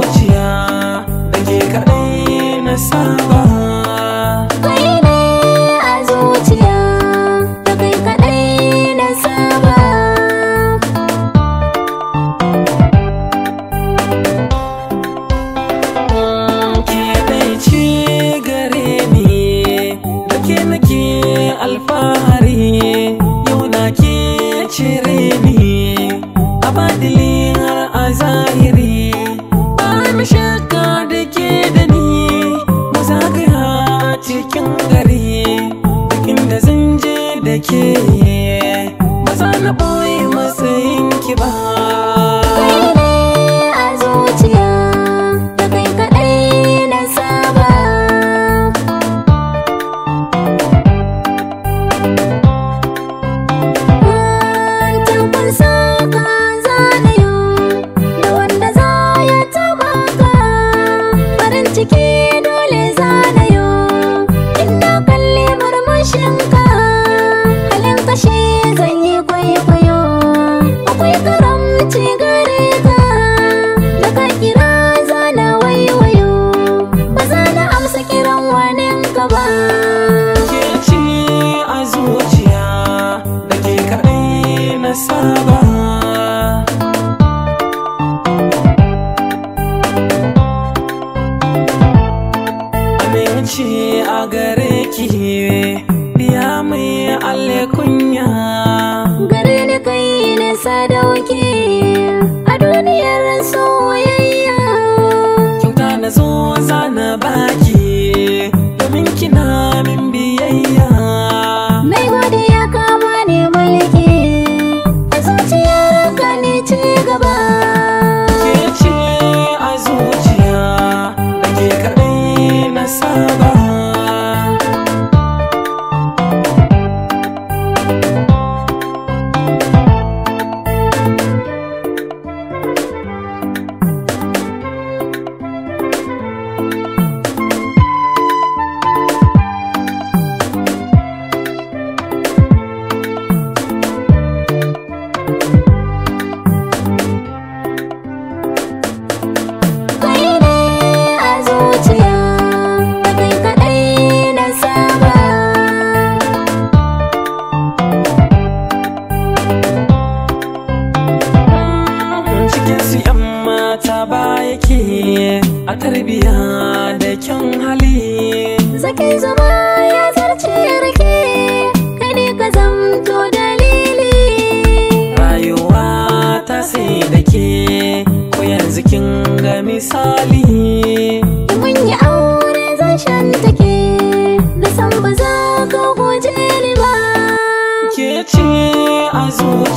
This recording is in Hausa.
zuciya da ke kaɗai na saba kai ne a zuciya da kai kaɗai na saba ke ɗai ce gare ni da ke nake alfahari yau na ke cire ni a badilin har a zahiri saba Aminci a gare ki biya mai alle kunya Gare ni kai ne sadauki a duniyar so sorry. a tarbiya da kyan hali zakai zama ya zarce rake, kai ne ka zamto dalili rayuwa ta sai da ke ko yanzu kin ga misali mun yi aure zan take da san ba za ka guje ni ba ke ce a zuwa